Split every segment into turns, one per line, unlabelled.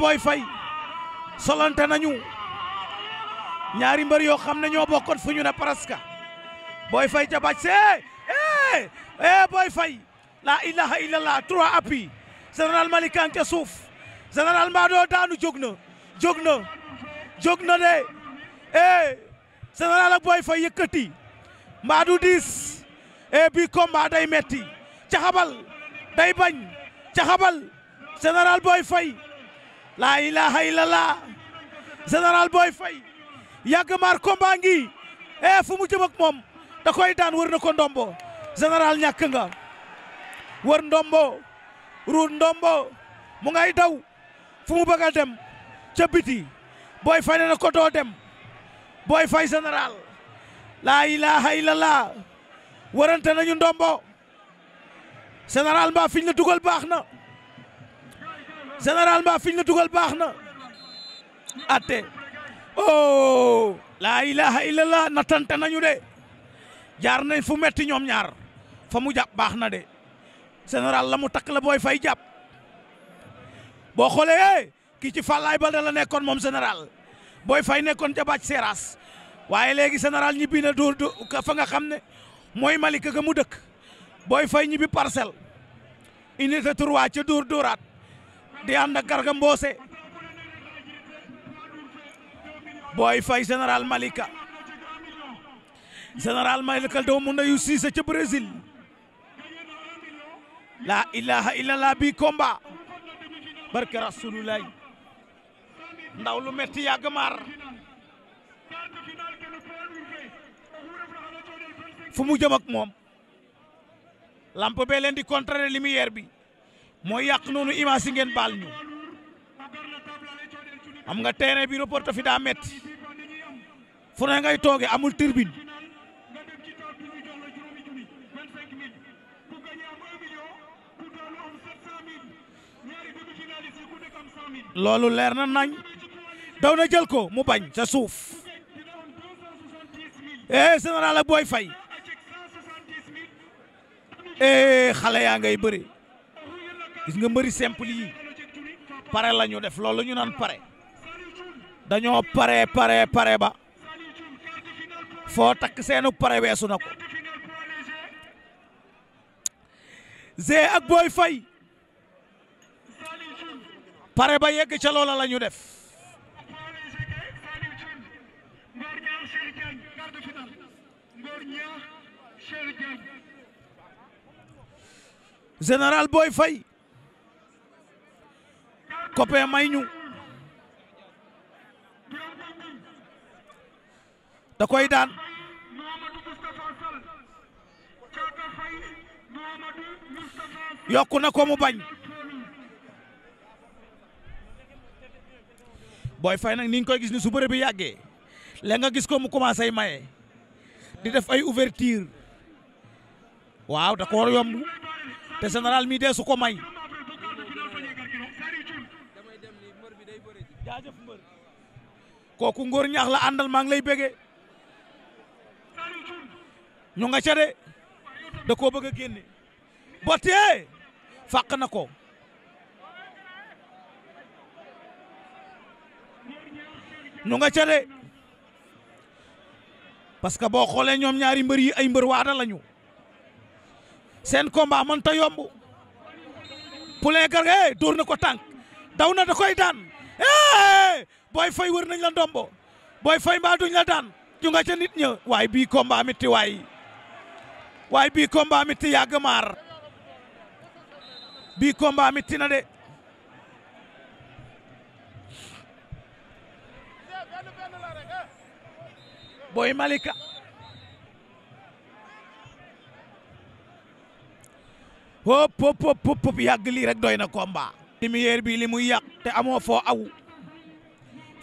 Boy fay solante nañu ñaari mbër yoo xam ne ñoo bokkoon fu ñu ne presque Boy Faye ca bàcc see eh, eh eh Boy Faye la ilaha illallah trois appuis général Malikan ca suuf général Mado daanu jóg na jóg na jóg na de eh général ak Boy Faye yëkkati Mado diis eh bii combat day metti caxabal day bañ caxabal général Boy Faye laa ilaha illallah général Boy Faye yàgg maar combat ngi eh fu mu jëm ak moom da koy na ko ndombo général ñàkk nga wër ndombo ruut ndombo mu ngay daw fu mu bëgg a dem ca biti Boy Faye ne na ko doo laa ilaha illallah warante nañu ndombo général mbaa fiñ la dugal baax na général mbaa fiñ la dugal baax na atte oh laa ilaha illallah nattante nañu de jaar nañ fu metti ñoom ñaar fa mu jàpp baax na de général la mu takk la booy fay jàpp boo xoolee eh, kii ci fàllaay ba da nekkoon moom général booy fay nekkoon jabaaj seeraas waaye léegi général ñibbi na dóor fa nga xam ne mooy Malika ga mu dëkk booy fay ñibbi parcelle unité trois ca dóor dóoraat di ànd ak Garga Mbossé Boy Faye général Malika général Malika doomu mu ndeyu Cissé ca Brésil la ilaha illallah bi combat barke rasulullah ndaw lu metti yàgg maar fu mu jëm moom lamp bee leen di contrer lumière bi mooy yàq noonu image yi ngeen baal ñu xam nga terrain bi reporter fi daa metti fu ngay tooge amul turbine loolu leer na nañ daw na jël ko mu bañ sa suuf eh général booy fay eh xale yaa ngay bëri gis nga mbëri simple yi pare la ñu def loolu ñu naan pare dañoo pare pare pare ba foo takk seenu pare weesu na ko Zé ak booy fay pare ba yegg ca loola la ñu def général booy fay copain may da koy daan yokku na ko mu bañ booy fay nag ni koy gis ni su bëre bi yàggee la nga gis ko mu commencé maye di def ay ouverture waaw da ko war yomb te général mi dee su may jaajëf mbër kooku ngóor ñaax la àndal maa ngi lay béggee ñu nga ca de da koo bëgg a génne botee fàq na ko ñu nga ca de parce que boo xoolee ñoom ñaari mbër yi ay mbër waada lañu seen combat mën ta yomb poulain Garga eh, dóor ko tànk daw na da booy fay wër nañ la ndombo booy fay mbaa duñ la daan ju ca nit ña waaye bii combat mi ti waay bii combat mi ti yàgg maar bii combat mi na de booy malika hop hop hop hop yàgg lii rek doy na combat lumière bi li muy yàq te amoo foo aw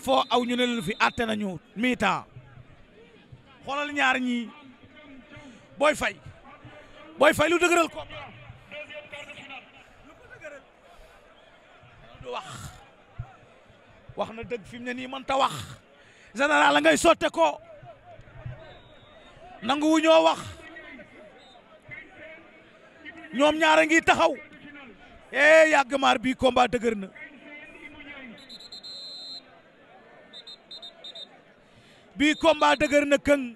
foo aw ñu ne leen fi àtte nañu miitaa xoolal ñaar ñi booy fay booy fay lu dëgëral ko wax wax na dëgg fi mu ne nii mën wax général la ngay sotte ko nangu wu ñoo wax ñoom ñaar a ngi taxaw eh yàgg bii combat dëgër na bii combat dëgër na këng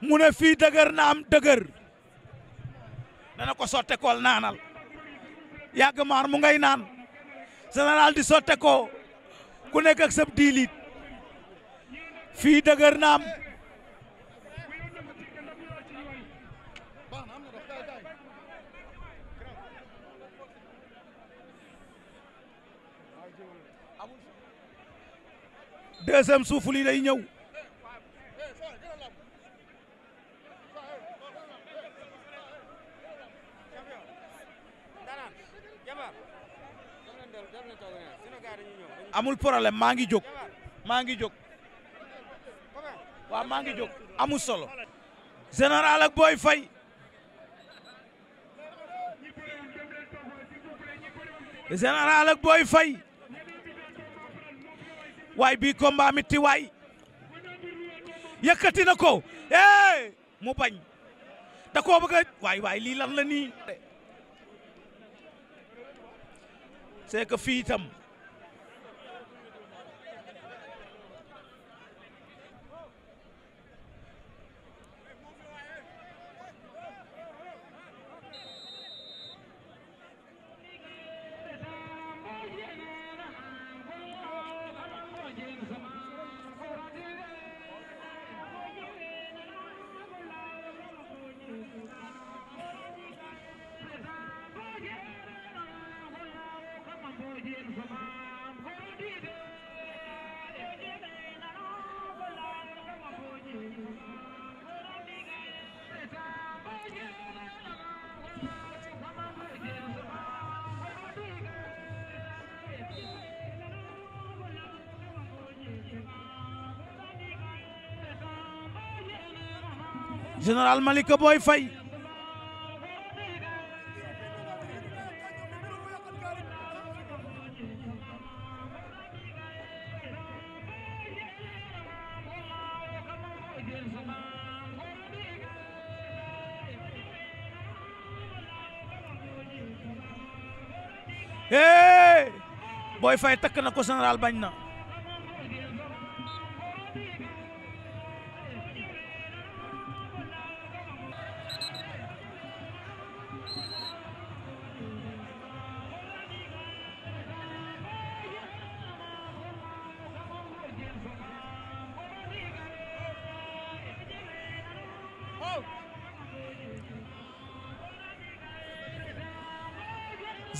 mu ne fii dëgër na am dëgër dana ko sotte kool naanal yàgg maar mu ngay naan général di sotte ko ku nekk ak sab diilit fii dëgër na am deuxième souffle yi day ñëw amul problème maa ngi jog maa ngi jóg waaw maa ngi jóg amul solo général ak fay Faye général ak waay bii combat mitti waay yëkkati na ko eh mu bañ da koo bëgg a waay waay lii lan la nii c'est que fii itam général Malika Boy Faye Boy Faye takk na ko général bañ na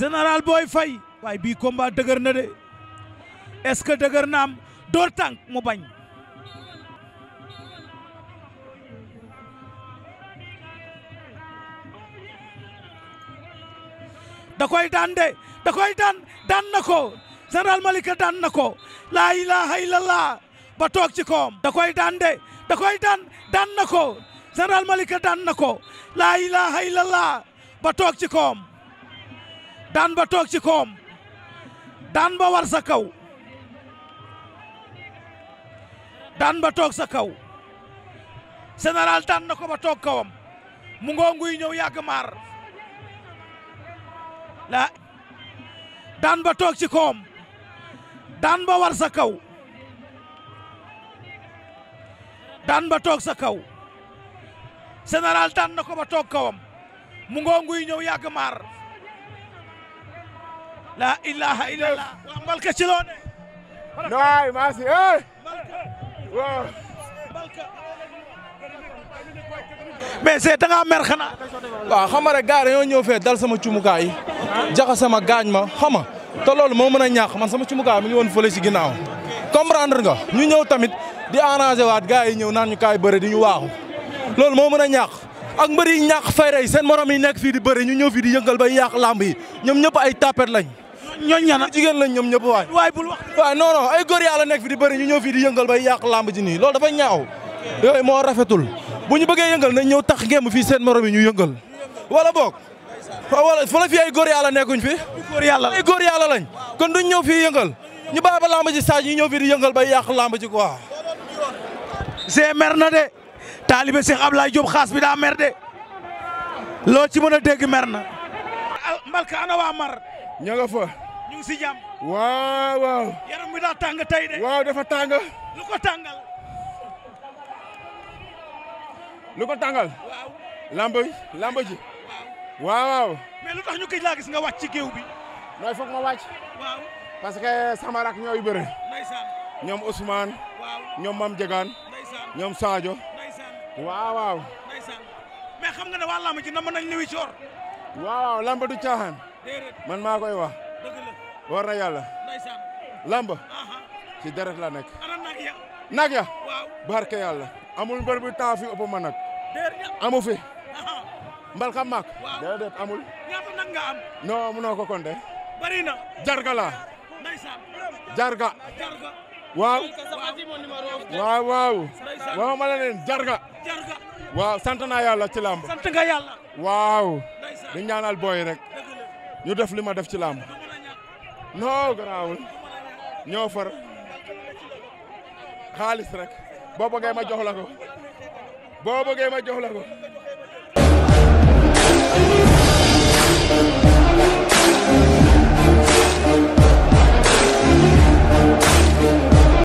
général Boy Faye waaye bii komba dëgër na de est-ce dëgër na am door tànk mu bañ da koy daan de da koy daan daan na ko général Malika daan na ko laa ilaha illallah ba toog ci koom da koy daan de da koy daan daan na ko général Malika daan na ko laa ilaha illallah ba toog ci koom daan ba toog ci koom daan ba war sa kaw daan ba toog sa kaw général daan na ko ba toog kawam mu ngoo nguy ñëw yàgg maar la daan ba toog ci kawam daan ba war sa kaw daan ba toog sa kaw général daan na ko ba toog kawam mu ngoo nguy ñëw yàgg maar laa ilaha illallah wa mbalka ci loo ne no ay eh. mais c'est da nga mer xanaa waaw xam nga rek gaar yoo ñëw fee dal sama cumukaay jaxa sama gaañ ma xam nga te loolu moo mën a ñàkk man sama cumukaay mi ngi woon fële si ginnaaw comprendre nga ñu ñëw tamit di arrangé waat gars yi ñëw naan ñu kaay bëre di ñu waaxu loolu moo mën a ñàkk ak mbër yi ñàkk fayra yi seen moroom yi nekk fii di bëre ñu ñëw fii di yëngal bay yàq làmb yi ñoom ñëpp ay tapet lañ ñooñu ñana jigéen lañ ñoom ñëpp waay. waay bul wax waay non la nekk fi di bëri ñu ñëw fii di yëngal bay yàq làmb ji nii loolu dafa ñaaw. yooyu moo rafetul bu ñu bëggee yëngal nañ ñëw tax ngeen fii seen morom yi ñu yëngal. wala boog wala fa gor fi ay nekkuñ fi. góor yàlla ay góor yàlla lañ. kon duñ ñëw fi yëngal ñu bàyyi ba làmb ji saa ñu ñëw fii di yëngal bay yàq làmb ji quoi. c'est mer na de taalibe Cheikh Ablaye Diop xaas bi daa mer de loo ci mën a dégg mer na. Mbalka ana waa fa. ñu ngi si jàmm. waaw waaw. yaram bi daa tàng tey de. waaw dafa tàng. lu ko tàngal. lu ko tàngal. waaw. lamb ji. waaw waaw. mais lu tax ñu këj laa gis nga wàcc ci géew bi. nooy foog ma wàcc. waaw. parce que sama rak ñooy bëre. ndeysaan. ñoom Ousmane. ñoom Mame Diegane. ñoom Sadio. waaw waaw. ndeysaan mais xam nga ne waa lamb ji na mën nañ liwi coor. waaw lamb du caaxaan. man maa koy wax. war na yàlla. lamba. ci deret la nekk. nag ya. barke yàlla. amul mbër bu temps ma nag. amu fi. mbalka maak. déedéet amul. ñaata nag nga ko compter. jarga laa. jarga. waaw. waaw waaw. waaw ma jarga. waaw sant naa yàlla ci làmb. sant waaw. di ñaanal booy rek. ñu def li ma def ci làmb. non garaawul ñoo far xaalis rek boo bëggee ma jox la ko boo bëggee ma jox la ko